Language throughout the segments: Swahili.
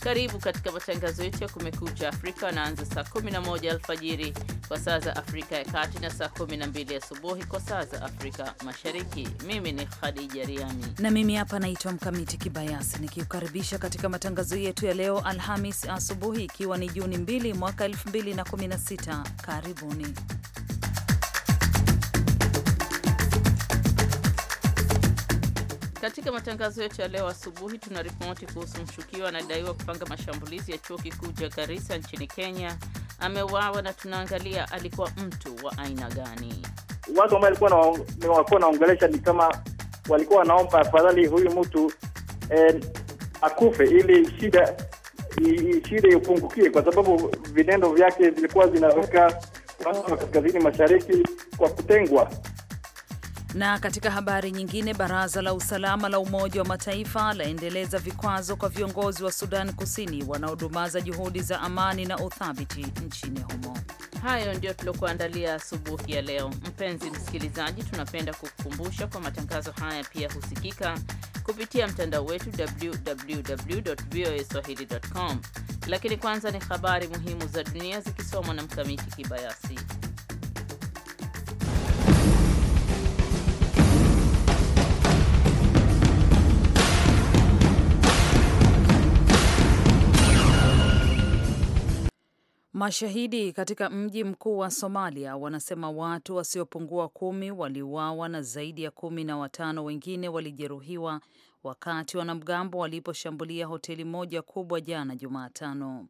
Karibu katika matangazo yetu ya Kumekucha Afrika wanaanza saa 11 alfajiri kwa saa za Afrika ya Kati na saa 12 asubuhi kwa saa za Afrika Mashariki. Mimi ni Khadija Riami na mimi hapa naitwa Mkamiti Kibayasi nikiukaribisha katika matangazo yetu ya leo Alhamis asubuhi, ikiwa ni Juni 2 mwaka 2016. Karibuni. Katika matangazo yetu ya leo asubuhi, tuna ripoti kuhusu mshukiwa anadaiwa kupanga mashambulizi ya chuo kikuu cha Garissa nchini Kenya ameuawa, na tunaangalia alikuwa mtu wa aina gani. Watu ambao walikuwa naongelesha ni kama walikuwa wanaomba afadhali huyu mtu eh, akufe ili shida shida ipungukie, kwa sababu vitendo vyake vilikuwa vinaweka watu wa kaskazini mashariki kwa kutengwa. Na katika habari nyingine, baraza la usalama la Umoja wa Mataifa laendeleza vikwazo kwa viongozi wa Sudan Kusini wanaodumaza juhudi za amani na uthabiti nchini humo. Hayo ndio tuliokuandalia asubuhi ya leo. Mpenzi msikilizaji, tunapenda kukukumbusha kwa matangazo haya pia husikika kupitia mtandao wetu www.voaswahili.com. Lakini kwanza ni habari muhimu za dunia zikisomwa na Mkamiti Kibayasi. Mashahidi katika mji mkuu wa Somalia wanasema watu wasiopungua kumi waliuawa na zaidi ya kumi na watano wengine walijeruhiwa wakati wanamgambo waliposhambulia hoteli moja kubwa jana Jumatano.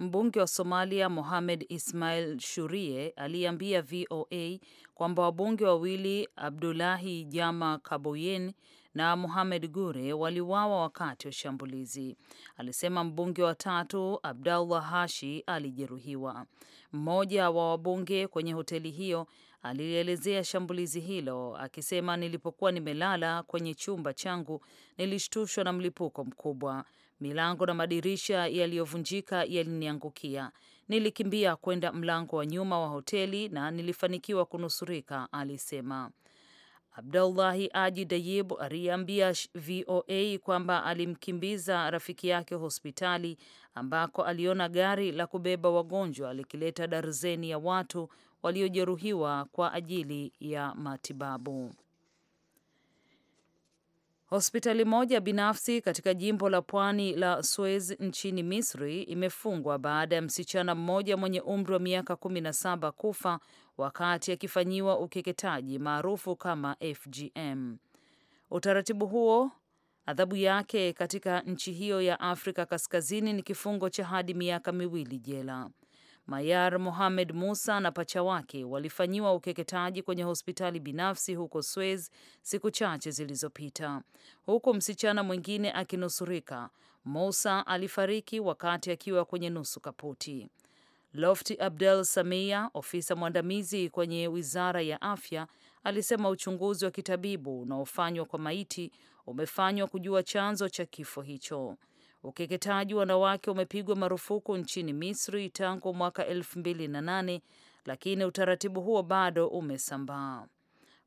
Mbunge wa Somalia Mohamed Ismail Shurie aliambia VOA kwamba wabunge wawili Abdulahi Jama Kaboyen na Mohamed Gure waliuawa wakati wa shambulizi, alisema mbunge wa tatu Abdallah Hashi alijeruhiwa. Mmoja wa wabunge kwenye hoteli hiyo alielezea shambulizi hilo akisema, nilipokuwa nimelala kwenye chumba changu nilishtushwa na mlipuko mkubwa. Milango na madirisha yaliyovunjika yaliniangukia. Nilikimbia kwenda mlango wa nyuma wa hoteli na nilifanikiwa kunusurika, alisema. Abdullahi Aji Dayib aliambia VOA kwamba alimkimbiza rafiki yake hospitali ambako aliona gari la kubeba wagonjwa likileta darzeni ya watu waliojeruhiwa kwa ajili ya matibabu. Hospitali moja binafsi katika jimbo la pwani la Suez nchini Misri imefungwa baada ya msichana mmoja mwenye umri wa miaka 17 kufa wakati akifanyiwa ukeketaji maarufu kama FGM. Utaratibu huo adhabu yake katika nchi hiyo ya Afrika Kaskazini ni kifungo cha hadi miaka miwili jela. Mayar Mohamed Musa na pacha wake walifanyiwa ukeketaji kwenye hospitali binafsi huko Suez siku chache zilizopita, huku msichana mwingine akinusurika. Musa alifariki wakati akiwa kwenye nusu kaputi. Lofti Abdel Samia, ofisa mwandamizi kwenye wizara ya afya, alisema uchunguzi wa kitabibu unaofanywa kwa maiti umefanywa kujua chanzo cha kifo hicho. Ukeketaji wanawake umepigwa marufuku nchini Misri tangu mwaka elfu mbili na nane, lakini utaratibu huo bado umesambaa.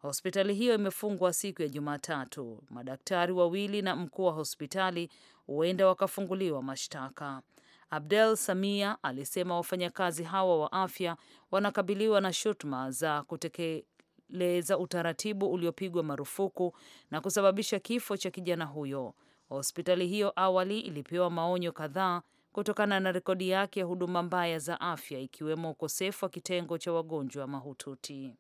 Hospitali hiyo imefungwa siku ya Jumatatu. Madaktari wawili na mkuu wa hospitali huenda wakafunguliwa mashtaka. Abdel Samia alisema wafanyakazi hawa wa afya wanakabiliwa na shutuma za kutekeleza utaratibu uliopigwa marufuku na kusababisha kifo cha kijana huyo. Hospitali hiyo awali ilipewa maonyo kadhaa kutokana na rekodi yake ya huduma mbaya za afya ikiwemo ukosefu wa kitengo cha wagonjwa mahututi.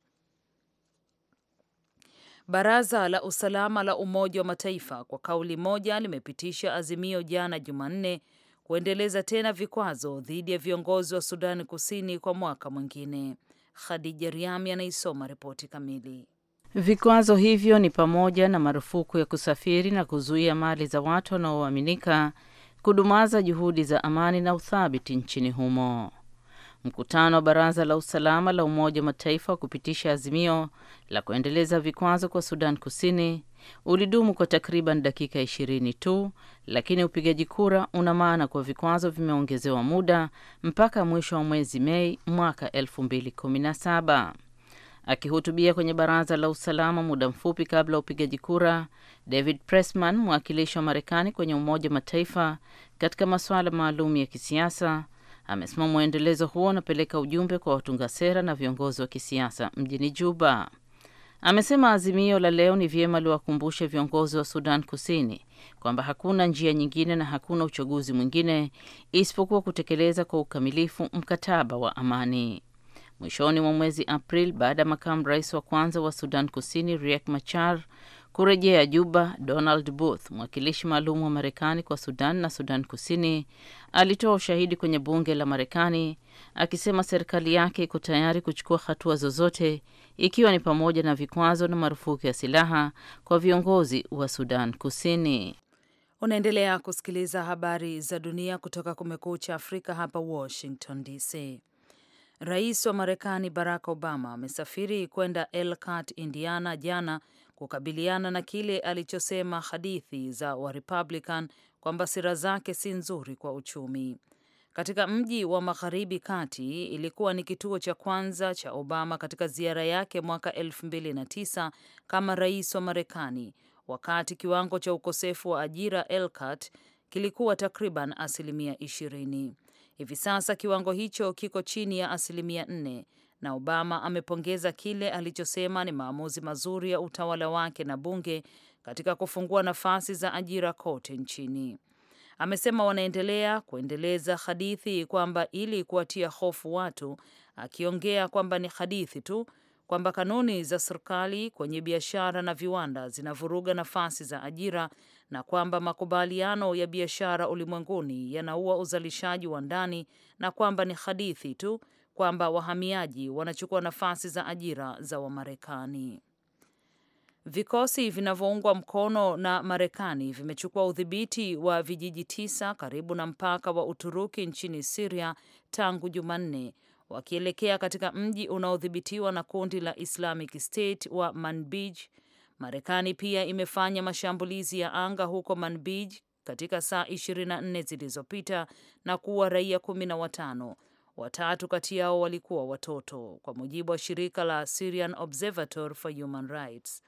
Baraza la usalama la Umoja wa Mataifa kwa kauli moja limepitisha azimio jana Jumanne kuendeleza tena vikwazo dhidi ya viongozi wa Sudani Kusini kwa mwaka mwingine. Khadija Riami anaisoma ripoti kamili. Vikwazo hivyo ni pamoja na marufuku ya kusafiri na kuzuia mali za watu wanaoaminika kudumaza juhudi za amani na uthabiti nchini humo. Mkutano wa Baraza la Usalama la Umoja wa Mataifa wa kupitisha azimio la kuendeleza vikwazo kwa Sudan Kusini ulidumu kwa takriban dakika ishirini tu, lakini upigaji kura una maana kuwa vikwazo vimeongezewa muda mpaka mwisho wa mwezi Mei mwaka saba. Akihutubia kwenye baraza la usalama muda mfupi kabla ya upigaji kura, David Pressman, mwakilishi wa Marekani kwenye Umoja wa Mataifa katika masuala maalum ya kisiasa, amesema mwendelezo huo unapeleka ujumbe kwa watunga sera na viongozi wa kisiasa mjini Juba. Amesema azimio la leo ni vyema liwakumbushe viongozi wa Sudan Kusini kwamba hakuna njia nyingine na hakuna uchaguzi mwingine isipokuwa kutekeleza kwa ukamilifu mkataba wa amani. Mwishoni mwa mwezi april baada ya makamu rais wa kwanza wa Sudan Kusini Riek Machar Kurejea Juba, Donald Booth, mwakilishi maalum wa Marekani kwa Sudan na Sudan Kusini, alitoa ushahidi kwenye bunge la Marekani akisema serikali yake iko tayari kuchukua hatua zozote ikiwa ni pamoja na vikwazo na marufuku ya silaha kwa viongozi wa Sudan Kusini. Unaendelea kusikiliza habari za dunia kutoka Kumekucha Afrika hapa Washington DC. Rais wa Marekani Barack Obama amesafiri kwenda Elkhart, Indiana jana kukabiliana na kile alichosema hadithi za Warepublican kwamba sera zake si nzuri kwa uchumi. Katika mji wa magharibi kati, ilikuwa ni kituo cha kwanza cha Obama katika ziara yake mwaka 2009 kama rais wa Marekani, wakati kiwango cha ukosefu wa ajira ELCAT kilikuwa takriban asilimia 20. Hivi sasa kiwango hicho kiko chini ya asilimia 4 na Obama amepongeza kile alichosema ni maamuzi mazuri ya utawala wake na bunge katika kufungua nafasi za ajira kote nchini. Amesema wanaendelea kuendeleza hadithi kwamba ili kuwatia hofu watu, akiongea kwamba ni hadithi tu kwamba kanuni za serikali kwenye biashara na viwanda zinavuruga nafasi za ajira na kwamba makubaliano ya biashara ulimwenguni yanaua uzalishaji wa ndani na kwamba ni hadithi tu kwamba wahamiaji wanachukua nafasi za ajira za Wamarekani. Vikosi vinavyoungwa mkono na Marekani vimechukua udhibiti wa vijiji tisa karibu na mpaka wa Uturuki nchini Siria tangu Jumanne, wakielekea katika mji unaodhibitiwa na kundi la Islamic State wa Manbij. Marekani pia imefanya mashambulizi ya anga huko Manbij katika saa 24 zilizopita na kuua raia kumi na watano Watatu kati yao walikuwa watoto, kwa mujibu wa shirika la Syrian Observatory for Human Rights.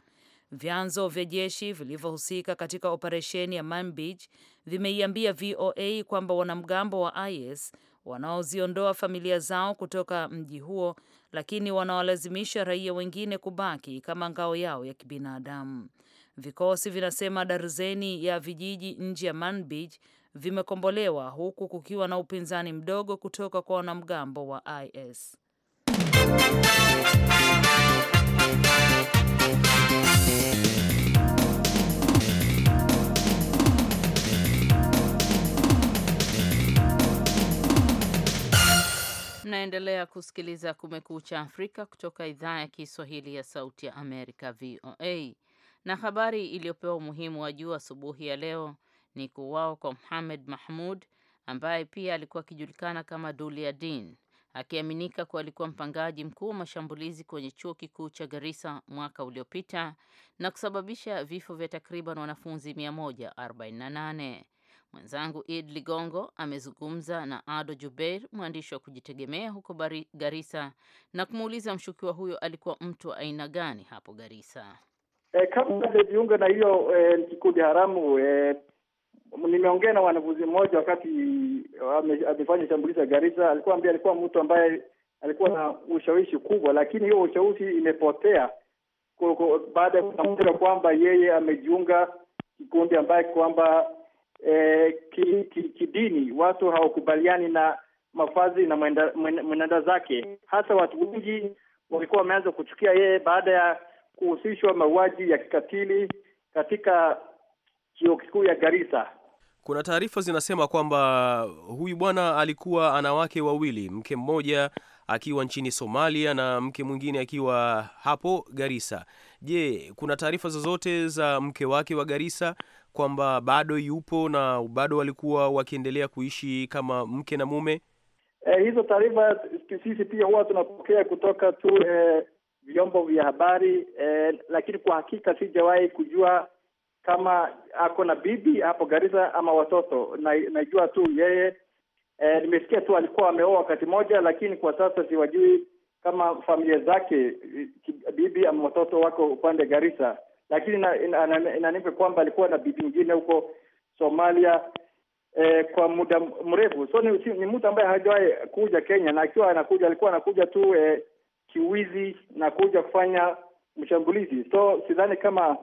Vyanzo vya jeshi vilivyohusika katika operesheni ya Manbij vimeiambia VOA kwamba wanamgambo wa IS wanaoziondoa familia zao kutoka mji huo, lakini wanawalazimisha raia wengine kubaki kama ngao yao ya kibinadamu. Vikosi vinasema darzeni ya vijiji nje ya Manbij vimekombolewa huku kukiwa na upinzani mdogo kutoka kwa wanamgambo wa IS. Mnaendelea kusikiliza Kumekucha Afrika kutoka idhaa ya Kiswahili ya Sauti ya Amerika, VOA. Na habari iliyopewa umuhimu wa juu asubuhi ya leo ni kuuawa kwa Mohamed Mahmud ambaye pia alikuwa akijulikana kama din akiaminika kuwa alikuwa mpangaji mkuu wa mashambulizi kwenye chuo kikuu cha Garissa mwaka uliopita na kusababisha vifo vya takriban wanafunzi 148. Mwenzangu Id Ligongo amezungumza na Ado Jubeir, mwandishi wa kujitegemea huko Garissa, na kumuuliza mshukiwa huyo alikuwa mtu wa aina gani hapo Garissa. E, kabla hajajiunga na hiyo e, kikundi haramu e, nimeongea na wanafunzi mmoja wakati amefanya shambulizi ya Garissa, alikuwa ambia alikuwa mtu ambaye alikuwa na ushawishi kubwa, lakini hiyo ushawishi imepotea baada ya kutambulika kwamba yeye amejiunga kikundi ambaye kwamba eh, kidini ki, ki watu hawakubaliani na mafazi na mwenendo mwenenda zake. Hasa watu wengi walikuwa wameanza kuchukia yeye baada ya kuhusishwa mauaji ya kikatili katika chuo kikuu ya Garissa. Kuna taarifa zinasema kwamba huyu bwana alikuwa ana wake wawili, mke mmoja akiwa nchini Somalia na mke mwingine akiwa hapo Garissa. Je, kuna taarifa zozote za mke wake wa Garissa kwamba bado yupo na bado walikuwa wakiendelea kuishi kama mke na mume? Eh, hizo taarifa sisi pia huwa tunapokea kutoka tu eh, vyombo vya habari eh, lakini kwa hakika sijawahi kujua kama ako na bibi hapo Garissa ama watoto na, najua tu yeye e, nimesikia tu alikuwa ameoa wakati moja, lakini kwa sasa siwajui kama familia zake e, bibi ama watoto wako upande Garissa, lakini inanipa kwamba alikuwa na bibi ingine huko Somalia e, kwa muda mrefu. So ni, ni mtu ambaye hajawahi kuja Kenya, na akiwa anakuja alikuwa anakuja tu e, kiwizi na kuja kufanya mshambulizi. So sidhani kama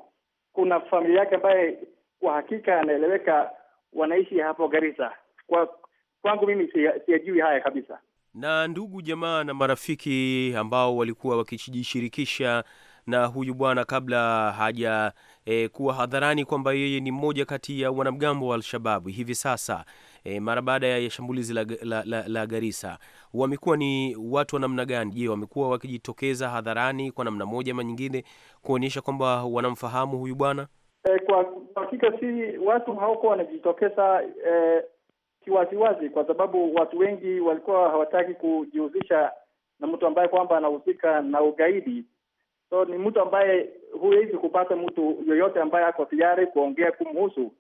kuna familia yake ambaye kwa hakika anaeleweka wanaishi hapo Garissa. Kwa kwangu mimi siyajui haya kabisa. Na ndugu jamaa na marafiki ambao walikuwa wakijishirikisha na huyu bwana kabla haja e, kuwa hadharani kwamba yeye ni mmoja kati ya wanamgambo wa al hivi sasa e, mara baada ya shambulizi la, la, la, la Garissa wamekuwa ni watu wa namna gani? Je, wamekuwa wakijitokeza hadharani kwa namna moja ama nyingine kuonyesha kwamba wanamfahamu huyu bwana? E, kwa hakika si watu hawakuwa wanajitokeza e, kiwaziwazi kwa sababu watu wengi walikuwa hawataki kujihusisha na mtu ambaye kwamba anahusika na ugaidi. So ni mtu ambaye huwezi kupata mtu yoyote ambaye ako tayari kuongea kumhusu.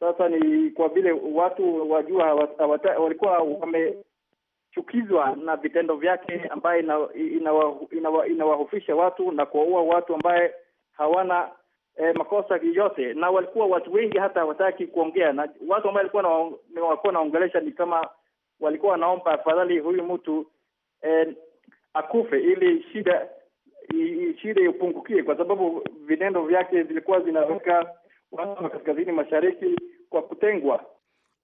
Sasa ni kwa vile watu wajua walikuwa wamechukizwa na vitendo vyake, ambaye inawahofisha watu na kuwaua watu ambaye hawana eh, makosa yoyote, na walikuwa watu wengi hata hawataki kuongea na watu ambaye walikuwa naongelesha, ni kama walikuwa wanaomba afadhali huyu mtu eh, akufe ili shida shida ipungukie, kwa sababu vitendo vyake vilikuwa zinaweka watu wa kaskazini mashariki kwa kutengwa.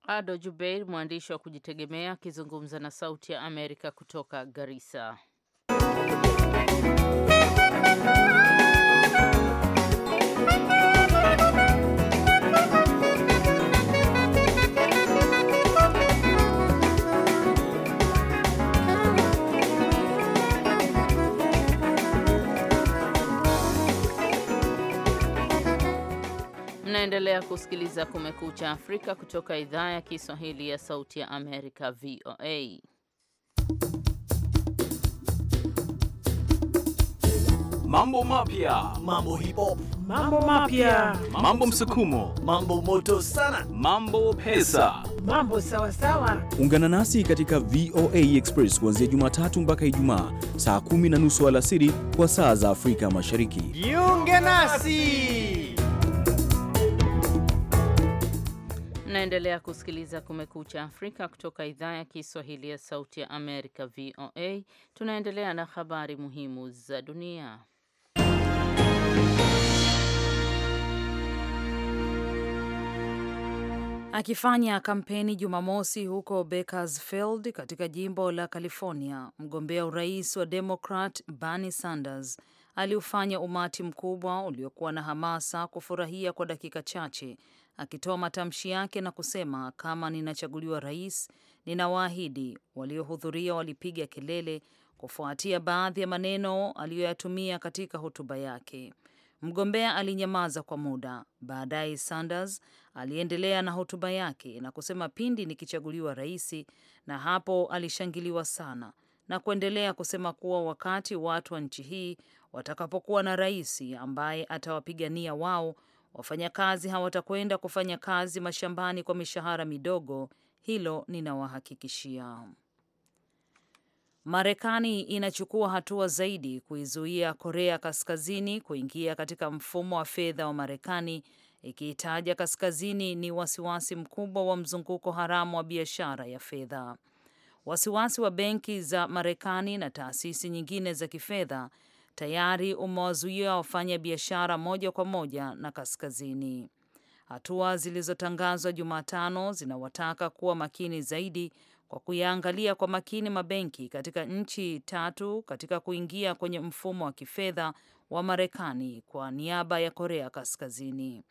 Ado Jubeir, mwandishi wa kujitegemea akizungumza na Sauti ya Amerika kutoka Garissa. Mnaendelea kusikiliza Kumekucha Afrika kutoka idhaa ya Kiswahili ya Sauti ya Amerika, VOA. Mambo mapya, mambo hip hop, mambo mapya, mambo msukumo, mambo moto sana, mambo pesa, mambo sawasawa. Ungana nasi katika VOA Express kuanzia Jumatatu mpaka Ijumaa saa kumi na nusu alasiri kwa saa za Afrika Mashariki. Jiunge nasi. Mnaendelea kusikiliza Kumekucha Afrika kutoka idhaa ya Kiswahili ya Sauti ya Amerika, VOA. Tunaendelea na habari muhimu za dunia. Akifanya kampeni Jumamosi huko Bakersfield katika jimbo la California, mgombea urais wa Demokrat Bernie Sanders aliufanya umati mkubwa uliokuwa na hamasa kufurahia kwa dakika chache akitoa matamshi yake na kusema, kama ninachaguliwa rais, ninawaahidi. Waliohudhuria walipiga kelele kufuatia baadhi ya maneno aliyoyatumia katika hotuba yake. Mgombea alinyamaza kwa muda. Baadaye Sanders aliendelea na hotuba yake na kusema, pindi nikichaguliwa rais, na hapo alishangiliwa sana na kuendelea kusema kuwa wakati watu wa nchi hii watakapokuwa na rais ambaye atawapigania wao Wafanyakazi hawatakwenda kufanya kazi mashambani kwa mishahara midogo, hilo ninawahakikishia. Marekani inachukua hatua zaidi kuizuia Korea Kaskazini kuingia katika mfumo wa fedha wa Marekani, ikiitaja Kaskazini ni wasiwasi mkubwa wa mzunguko haramu wa biashara ya fedha. Wasiwasi wa benki za Marekani na taasisi nyingine za kifedha tayari umewazuia wafanya biashara moja kwa moja na kaskazini. Hatua zilizotangazwa Jumatano zinawataka kuwa makini zaidi kwa kuyaangalia kwa makini mabenki katika nchi tatu katika kuingia kwenye mfumo wa kifedha wa Marekani kwa niaba ya Korea Kaskazini.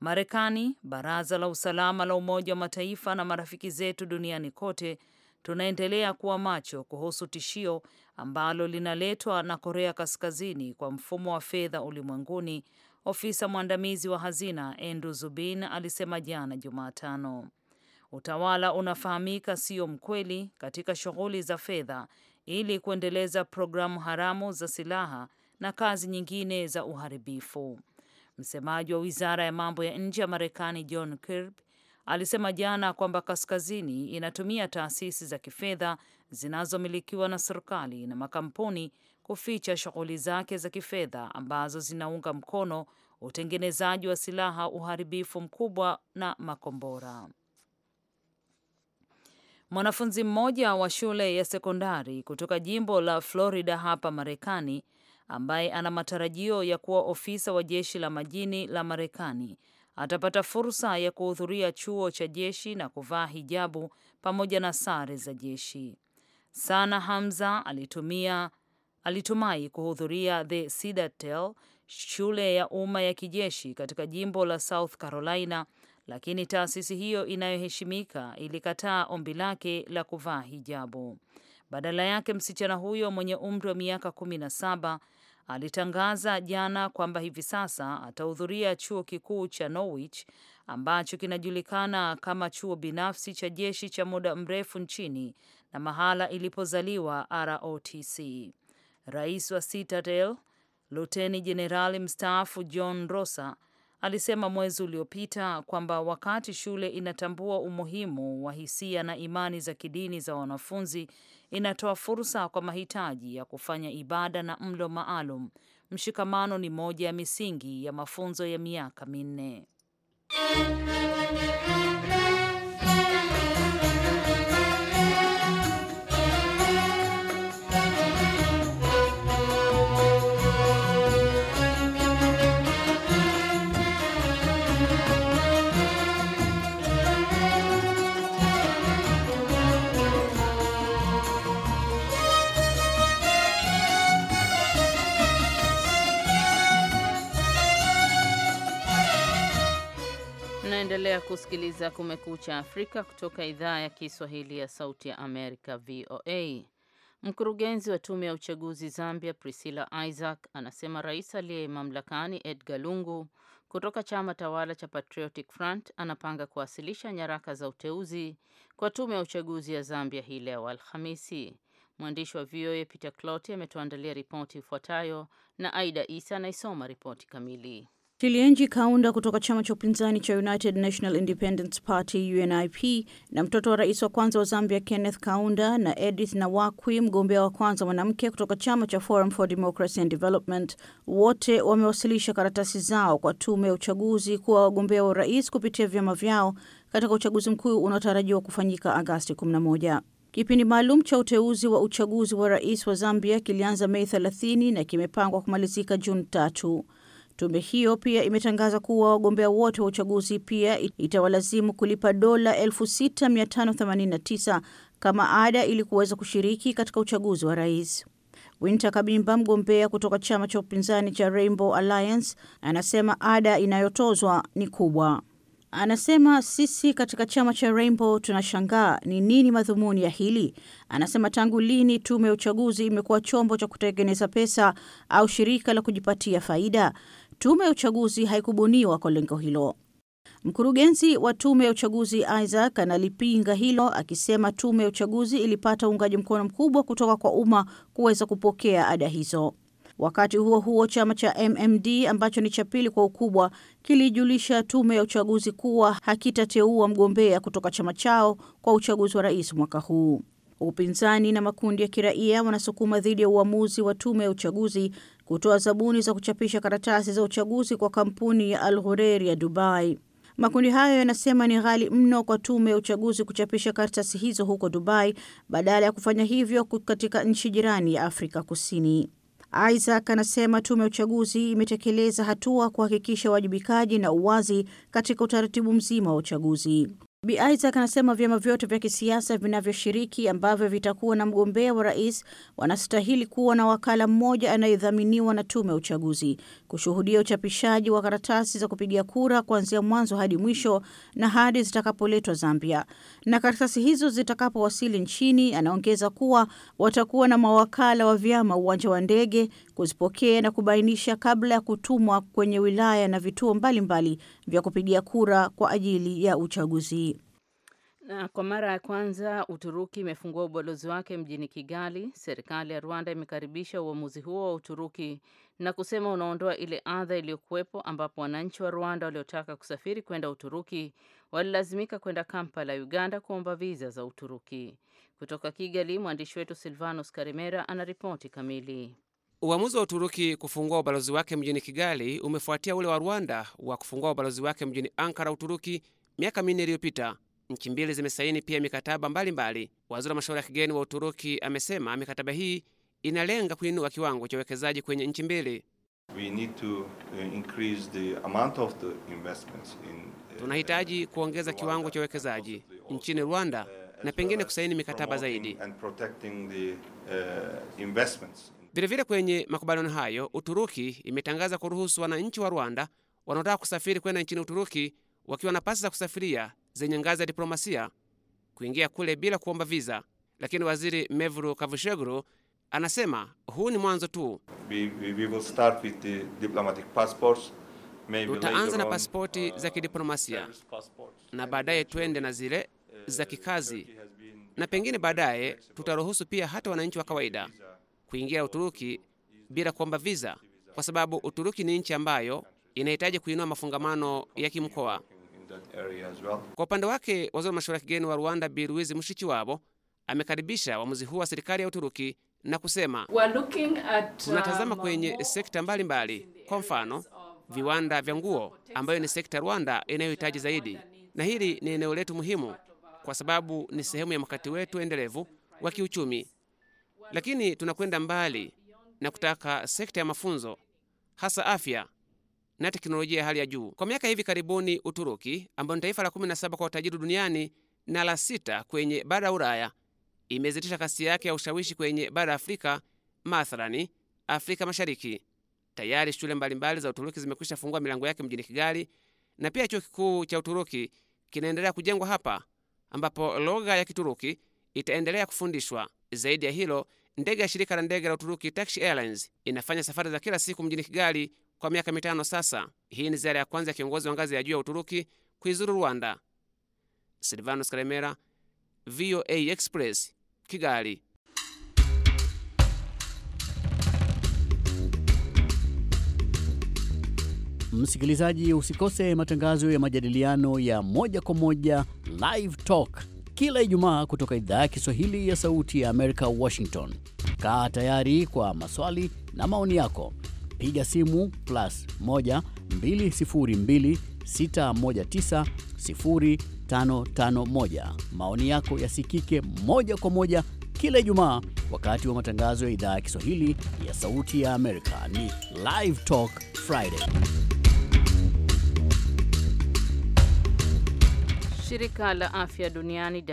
Marekani, Baraza la Usalama la Umoja wa Mataifa na marafiki zetu duniani kote tunaendelea kuwa macho kuhusu tishio ambalo linaletwa na Korea Kaskazini kwa mfumo wa fedha ulimwenguni, ofisa mwandamizi wa hazina Andrew Zubin alisema jana Jumatano. Utawala unafahamika sio mkweli katika shughuli za fedha ili kuendeleza programu haramu za silaha na kazi nyingine za uharibifu. Msemaji wa wizara ya mambo ya nje ya Marekani John Kirby alisema jana kwamba kaskazini inatumia taasisi za kifedha zinazomilikiwa na serikali na makampuni kuficha shughuli zake za kifedha ambazo zinaunga mkono utengenezaji wa silaha, uharibifu mkubwa na makombora. Mwanafunzi mmoja wa shule ya sekondari kutoka jimbo la Florida hapa Marekani ambaye ana matarajio ya kuwa ofisa wa jeshi la majini la Marekani atapata fursa ya kuhudhuria chuo cha jeshi na kuvaa hijabu pamoja na sare za jeshi. Sana Hamza alitumia alitumai kuhudhuria The Citadel, shule ya umma ya kijeshi katika jimbo la South Carolina, lakini taasisi hiyo inayoheshimika ilikataa ombi lake la kuvaa hijabu. Badala yake msichana huyo mwenye umri wa miaka kumi na saba alitangaza jana kwamba hivi sasa atahudhuria chuo kikuu cha Norwich ambacho kinajulikana kama chuo binafsi cha jeshi cha muda mrefu nchini na mahala ilipozaliwa ROTC. Rais wa Citadel Luteni Jenerali mstaafu John Rosa alisema mwezi uliopita kwamba wakati shule inatambua umuhimu wa hisia na imani za kidini za wanafunzi inatoa fursa kwa mahitaji ya kufanya ibada na mlo maalum. Mshikamano ni moja ya misingi ya mafunzo ya miaka minne. Unaendelea kusikiliza Kumekucha Afrika kutoka idhaa ya Kiswahili ya Sauti ya Amerika, VOA. Mkurugenzi wa tume ya uchaguzi Zambia, Priscilla Isaac, anasema rais aliye mamlakani Edgar Lungu kutoka chama tawala cha Patriotic Front anapanga kuwasilisha nyaraka za uteuzi kwa tume ya uchaguzi ya Zambia hii leo Alhamisi. Mwandishi wa VOA Peter Cloti ametuandalia ripoti ifuatayo na Aida Isa anaisoma ripoti kamili. Tilienji Kaunda kutoka chama cha upinzani cha United National Independence Party UNIP na mtoto wa rais wa kwanza wa Zambia Kenneth Kaunda na Edith Nawakwi, mgombea wa kwanza mwanamke kutoka chama cha Forum for Democracy and Development, wote wamewasilisha karatasi zao kwa tume ya uchaguzi kuwa wagombea wa urais kupitia vyama vyao katika uchaguzi mkuu unaotarajiwa kufanyika Agasti 11. Kipindi maalum cha uteuzi wa uchaguzi wa rais wa Zambia kilianza Mei 30 na kimepangwa kumalizika Juni tatu. Tume hiyo pia imetangaza kuwa wagombea wote wa uchaguzi pia itawalazimu kulipa dola 6589 kama ada ili kuweza kushiriki katika uchaguzi wa rais. Winter Kabimba, mgombea kutoka chama cha upinzani cha Rainbow Alliance, anasema ada inayotozwa ni kubwa. Anasema sisi katika chama cha Rainbow tunashangaa ni nini madhumuni ya hili. Anasema tangu lini tume ya uchaguzi imekuwa chombo cha kutengeneza pesa au shirika la kujipatia faida? Tume ya uchaguzi haikubuniwa kwa lengo hilo. Mkurugenzi wa tume ya uchaguzi Isaac analipinga hilo akisema tume ya uchaguzi ilipata uungaji mkono mkubwa kutoka kwa umma kuweza kupokea ada hizo. Wakati huo huo, chama cha MMD ambacho ni cha pili kwa ukubwa kilijulisha tume ya uchaguzi kuwa hakitateua mgombea kutoka chama chao kwa uchaguzi wa rais mwaka huu. Upinzani na makundi ya kiraia wanasukuma dhidi ya uamuzi wa tume ya uchaguzi kutoa sabuni za kuchapisha karatasi za uchaguzi kwa kampuni ya Al Ghureir ya Dubai. Makundi hayo yanasema ni ghali mno kwa tume ya uchaguzi kuchapisha karatasi hizo huko Dubai badala ya kufanya hivyo katika nchi jirani ya Afrika Kusini. Isaac anasema tume ya uchaguzi imetekeleza hatua kuhakikisha uwajibikaji na uwazi katika utaratibu mzima wa uchaguzi. Bi Isaac anasema vyama vyote vya kisiasa vinavyoshiriki ambavyo vitakuwa na mgombea wa rais wanastahili kuwa na wakala mmoja anayedhaminiwa na tume ya uchaguzi kushuhudia uchapishaji wa karatasi za kupigia kura kuanzia mwanzo hadi mwisho na hadi zitakapoletwa Zambia, na karatasi hizo zitakapowasili nchini. Anaongeza kuwa watakuwa na mawakala wa vyama uwanja wa ndege kuzipokea na kubainisha kabla ya kutumwa kwenye wilaya na vituo mbalimbali mbali vya kupigia kura kwa ajili ya uchaguzi. Na kwa mara ya kwanza Uturuki imefungua ubalozi wake mjini Kigali. Serikali ya Rwanda imekaribisha uamuzi huo wa Uturuki na kusema unaondoa ile adha iliyokuwepo ambapo wananchi wa Rwanda waliotaka kusafiri kwenda Uturuki walilazimika kwenda Kampala, Uganda, kuomba viza za Uturuki. Kutoka Kigali, mwandishi wetu Silvanus Karimera anaripoti kamili. Uamuzi wa Uturuki kufungua ubalozi wake mjini Kigali umefuatia ule wa Rwanda wa kufungua ubalozi wake mjini Ankara, Uturuki, miaka minne iliyopita. Nchi mbili zimesaini pia mikataba mbalimbali. Waziri wa mashauri ya kigeni wa Uturuki amesema mikataba hii inalenga kuinua kiwango cha uwekezaji kwenye nchi mbili. Uh, uh, Tunahitaji kuongeza kiwango cha uwekezaji nchini Rwanda na pengine kusaini mikataba zaidi. Uh, Vilevile kwenye makubaliano hayo, Uturuki imetangaza kuruhusu wananchi wa Rwanda wanaotaka kusafiri kwenda nchini Uturuki wakiwa na pasi za kusafiria zenye ngazi ya diplomasia kuingia kule bila kuomba viza, lakini waziri mevru kavushegru anasema huu ni mwanzo tu. tutaanza na pasipoti uh, za kidiplomasia na baadaye twende na zile uh, za kikazi na pengine baadaye tutaruhusu pia hata wananchi wa kawaida kuingia Uturuki bila kuomba viza, kwa sababu Uturuki ni nchi ambayo inahitaji kuinua mafungamano ya kimkoa. Kwa upande wake waziri wa mashauri ya kigeni wa Rwanda Bi Louise Mushikiwabo amekaribisha uamuzi huu wa serikali ya Uturuki na kusema uh, tunatazama uh, kwenye sekta mbalimbali mbali. Kwa mfano uh, viwanda vya nguo ambayo ni sekta Rwanda inayohitaji zaidi, na hili ni eneo letu muhimu kwa sababu ni sehemu ya mkakati wetu endelevu wa kiuchumi, lakini tunakwenda mbali na kutaka sekta ya mafunzo, hasa afya na teknolojia ya hali ya juu. Kwa miaka hivi karibuni, Uturuki ambayo ni taifa la 17 kwa utajiri duniani na la sita kwenye bara ya Ulaya imezitisha kasi yake ya ushawishi kwenye bara Afrika, mathalani Afrika Mashariki. Tayari shule mbalimbali za Uturuki zimekwisha fungua milango yake mjini Kigali, na pia chuo kikuu cha Uturuki kinaendelea kujengwa hapa, ambapo lugha ya Kituruki itaendelea kufundishwa. Zaidi ya hilo, ndege ya shirika la ndege la Uturuki Turkish Airlines inafanya safari za kila siku mjini Kigali kwa miaka mitano sasa. Hii ni ziara ya kwanza ya kiongozi wa ngazi ya juu ya Uturuki kuizuru Rwanda. Silvanus Karemera, VOA Express, Kigali. Msikilizaji, usikose matangazo ya majadiliano ya moja kwa moja Live Talk kila Ijumaa kutoka idhaa ya Kiswahili ya Sauti ya Amerika, Washington. Kaa tayari kwa maswali na maoni yako piga simu plus 1 Maoni yako yasikike moja kwa moja kila Ijumaa wakati wa matangazo ya idhaa ya Kiswahili ya Sauti ya Amerika. Ni Live Talk Friday. Shirika la Afya Duniani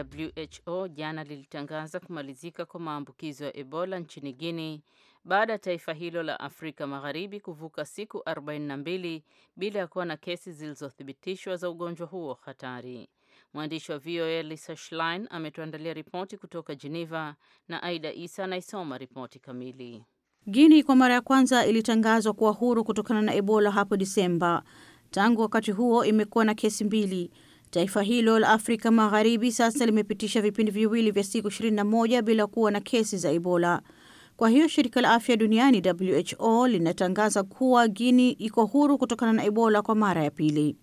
WHO jana lilitangaza kumalizika kwa maambukizo ya Ebola nchini Guinea baada ya taifa hilo la Afrika Magharibi kuvuka siku 42 bila ya kuwa na kesi zilizothibitishwa za ugonjwa huo hatari. Mwandishi wa VOA Lisa Schlein ametuandalia ripoti kutoka Geneva na Aida Isa anaisoma ripoti kamili. guini kwa mara ya kwanza ilitangazwa kuwa huru kutokana na Ebola hapo Disemba. Tangu wakati huo imekuwa na kesi mbili. Taifa hilo la Afrika Magharibi sasa limepitisha vipindi viwili vya siku 21 bila kuwa na kesi za Ebola. Kwa hiyo shirika la afya duniani WHO linatangaza kuwa Guini iko huru kutokana na Ebola kwa mara ya pili.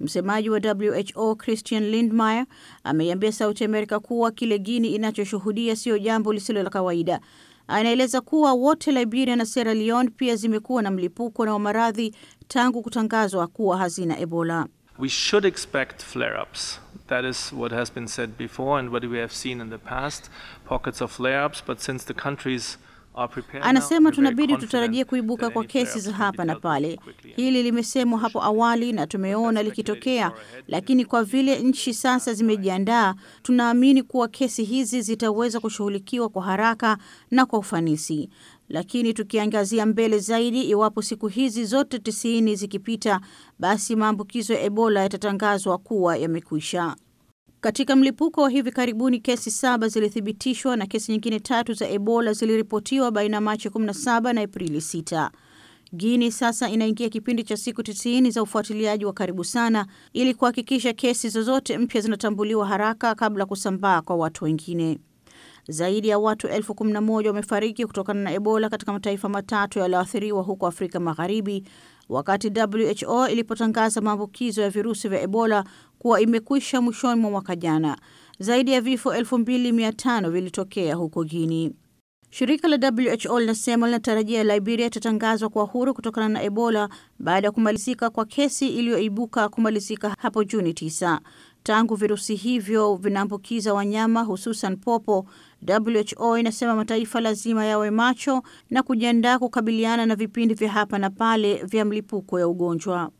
Msemaji wa WHO Christian Lindmeier ameiambia Sauti Amerika kuwa kile Guini inachoshuhudia siyo jambo lisilo la kawaida. Anaeleza kuwa wote Liberia na Sierra Leone pia zimekuwa na mlipuko na wa maradhi tangu kutangazwa kuwa hazina Ebola. We should expect flare-ups that is what has been said before and what we have seen in the past, pockets of flare-ups, but since the countries Anasema tunabidi tutarajie kuibuka kwa kesi za hapa na pale. Hili limesemwa hapo awali na tumeona likitokea, lakini kwa vile nchi sasa zimejiandaa, tunaamini kuwa kesi hizi zitaweza kushughulikiwa kwa haraka na kwa ufanisi. Lakini tukiangazia mbele zaidi, iwapo siku hizi zote tisini zikipita, basi maambukizo ya Ebola yatatangazwa kuwa yamekwisha. Katika mlipuko wa hivi karibuni, kesi saba zilithibitishwa na kesi nyingine tatu za Ebola ziliripotiwa baina ya Machi 17 na Aprili 6. Guini sasa inaingia kipindi cha siku tisini za ufuatiliaji wa karibu sana ili kuhakikisha kesi zozote mpya zinatambuliwa haraka kabla kusambaa kwa watu wengine. Zaidi ya watu elfu 11 wamefariki kutokana na Ebola katika mataifa matatu yaliyoathiriwa huko Afrika Magharibi, wakati WHO ilipotangaza maambukizo ya virusi vya Ebola kuwa imekwisha mwishoni mwa mwaka jana. Zaidi ya vifo 25 vilitokea huko guini Shirika la WHO linasema linatarajia Liberia itatangazwa kwa huru kutokana na Ebola baada ya kumalizika kwa kesi iliyoibuka kumalizika hapo Juni 9. Tangu virusi hivyo vinaambukiza wanyama hususan popo, WHO inasema mataifa lazima yawe macho na kujiandaa kukabiliana na vipindi vya hapa na pale vya mlipuko ya ugonjwa.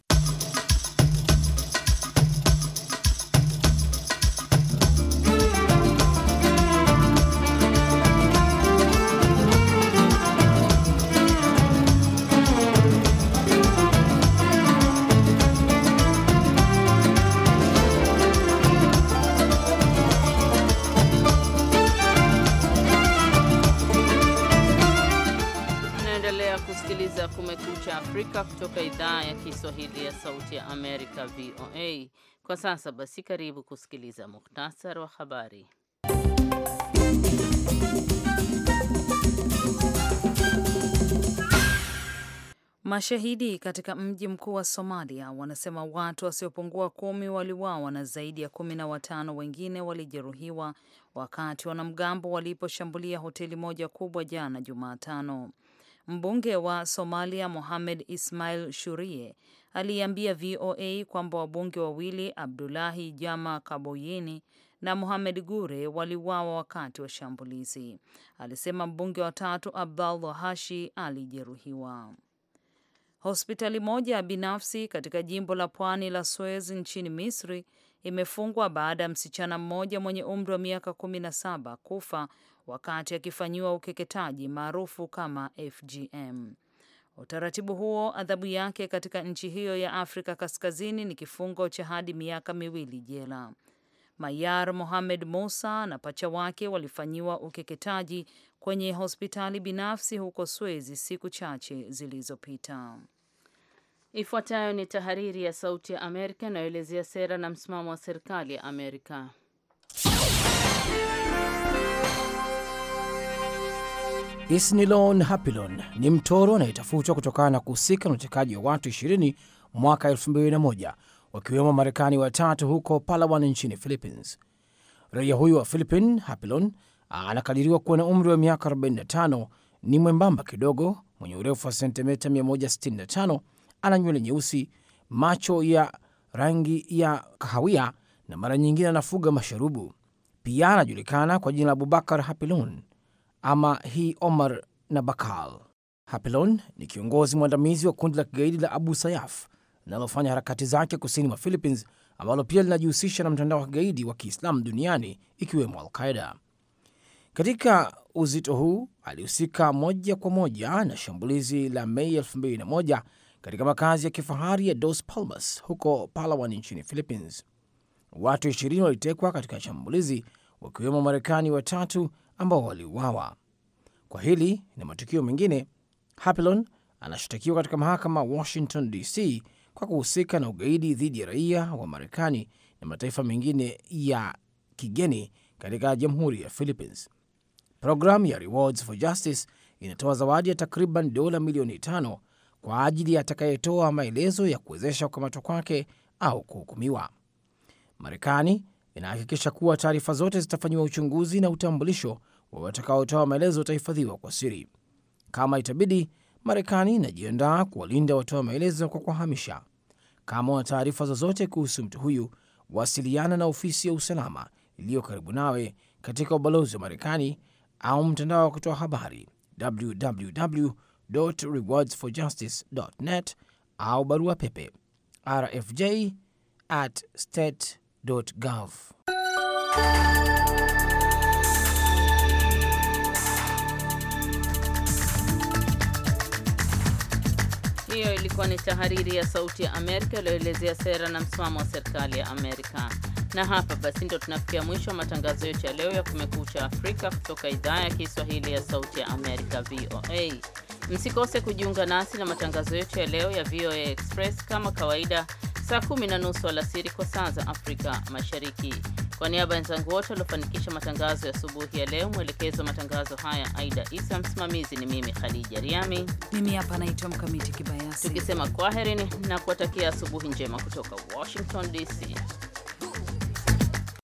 Kwa sasa basi, karibu kusikiliza muhtasari wa habari. Mashahidi katika mji mkuu wa Somalia wanasema watu wasiopungua kumi waliuawa na zaidi ya kumi na watano wengine walijeruhiwa wakati wanamgambo waliposhambulia hoteli moja kubwa jana Jumatano. Mbunge wa Somalia Mohamed Ismail Shurie aliambia VOA kwamba wabunge wawili Abdulahi Jama Kaboyini na Mohamed Gure waliuawa wakati wa shambulizi. Alisema mbunge wa tatu Abdallah Hashi alijeruhiwa. Hospitali moja ya binafsi katika jimbo la pwani la Suez nchini Misri imefungwa baada ya msichana mmoja mwenye umri wa miaka kumi na saba kufa wakati akifanyiwa ukeketaji maarufu kama FGM. Utaratibu huo adhabu yake katika nchi hiyo ya Afrika Kaskazini ni kifungo cha hadi miaka miwili jela. Mayar Mohamed Musa na pacha wake walifanyiwa ukeketaji kwenye hospitali binafsi huko Swezi siku chache zilizopita. Ifuatayo ni tahariri ya Sauti ya Amerika inayoelezea sera na msimamo wa serikali ya Amerika. Isnilon Hapilon ni mtoro anayetafutwa kutokana na kuhusika na utekaji wa watu 20 mwaka 2001 wakiwemo Marekani watatu huko Palawan nchini Philippines. Raia huyo wa Philippine, Hapilon anakadiriwa kuwa na umri wa miaka 45, ni mwembamba kidogo, mwenye urefu wa sentimita 165, ana nywele nyeusi, macho ya rangi ya kahawia na mara nyingine anafuga masharubu. Pia anajulikana kwa jina la Abubakar Hapilon ama hi Omar na Bakal. Hapilon ni kiongozi mwandamizi wa kundi la kigaidi la Abu Sayaf linalofanya harakati zake kusini mwa Philippines, ambalo pia linajihusisha na mtandao wa kigaidi wa Kiislamu duniani ikiwemo Alqaida. Katika uzito huu alihusika moja kwa moja na shambulizi la Mei 21 katika makazi ya kifahari ya Dos Palmas huko Palawan nchini Philippines. Watu 20 walitekwa katika shambulizi, wakiwemo Marekani watatu ambao waliuawa. Kwa hili na matukio mengine, Hapilon anashitakiwa katika mahakama Washington DC kwa kuhusika na ugaidi dhidi ya raia wa Marekani na mataifa mengine ya kigeni katika jamhuri ya Philippines. Programu ya Rewards for Justice inatoa zawadi ya takriban dola milioni tano kwa ajili ya atakayetoa maelezo ya kuwezesha kukamatwa kwake au kuhukumiwa. Marekani inahakikisha kuwa taarifa zote zitafanyiwa uchunguzi na utambulisho wa watakaotoa maelezo utahifadhiwa kwa siri. Kama itabidi, Marekani inajiandaa kuwalinda watoa maelezo kwa kuwahamisha. Kama wana taarifa zozote kuhusu mtu huyu, wasiliana na ofisi ya usalama iliyo karibu nawe katika ubalozi wa Marekani au mtandao wa kutoa habari www rewards for justice net au barua pepe rfj at state gov. Hiyo ilikuwa ni tahariri ya Sauti ya Amerika iliyoelezea sera na msimamo wa serikali ya Amerika. Na hapa basi ndo tunafikia mwisho wa matangazo yote ya leo ya Kumekucha Afrika kutoka idhaa ya Kiswahili ya Sauti ya Amerika, VOA. Msikose kujiunga nasi na matangazo yote ya leo ya VOA Express kama kawaida saa kumi na nusu alasiri kwa saa za Afrika Mashariki. Kwa niaba ya wenzangu wote waliofanikisha matangazo ya asubuhi ya leo, mwelekezo wa matangazo haya Aida Isa, msimamizi ni mimi Khadija Riami, mimi hapa naitwa Mkamiti Kibayasi, tukisema kwaherini na kuwatakia asubuhi njema kutoka Washington DC.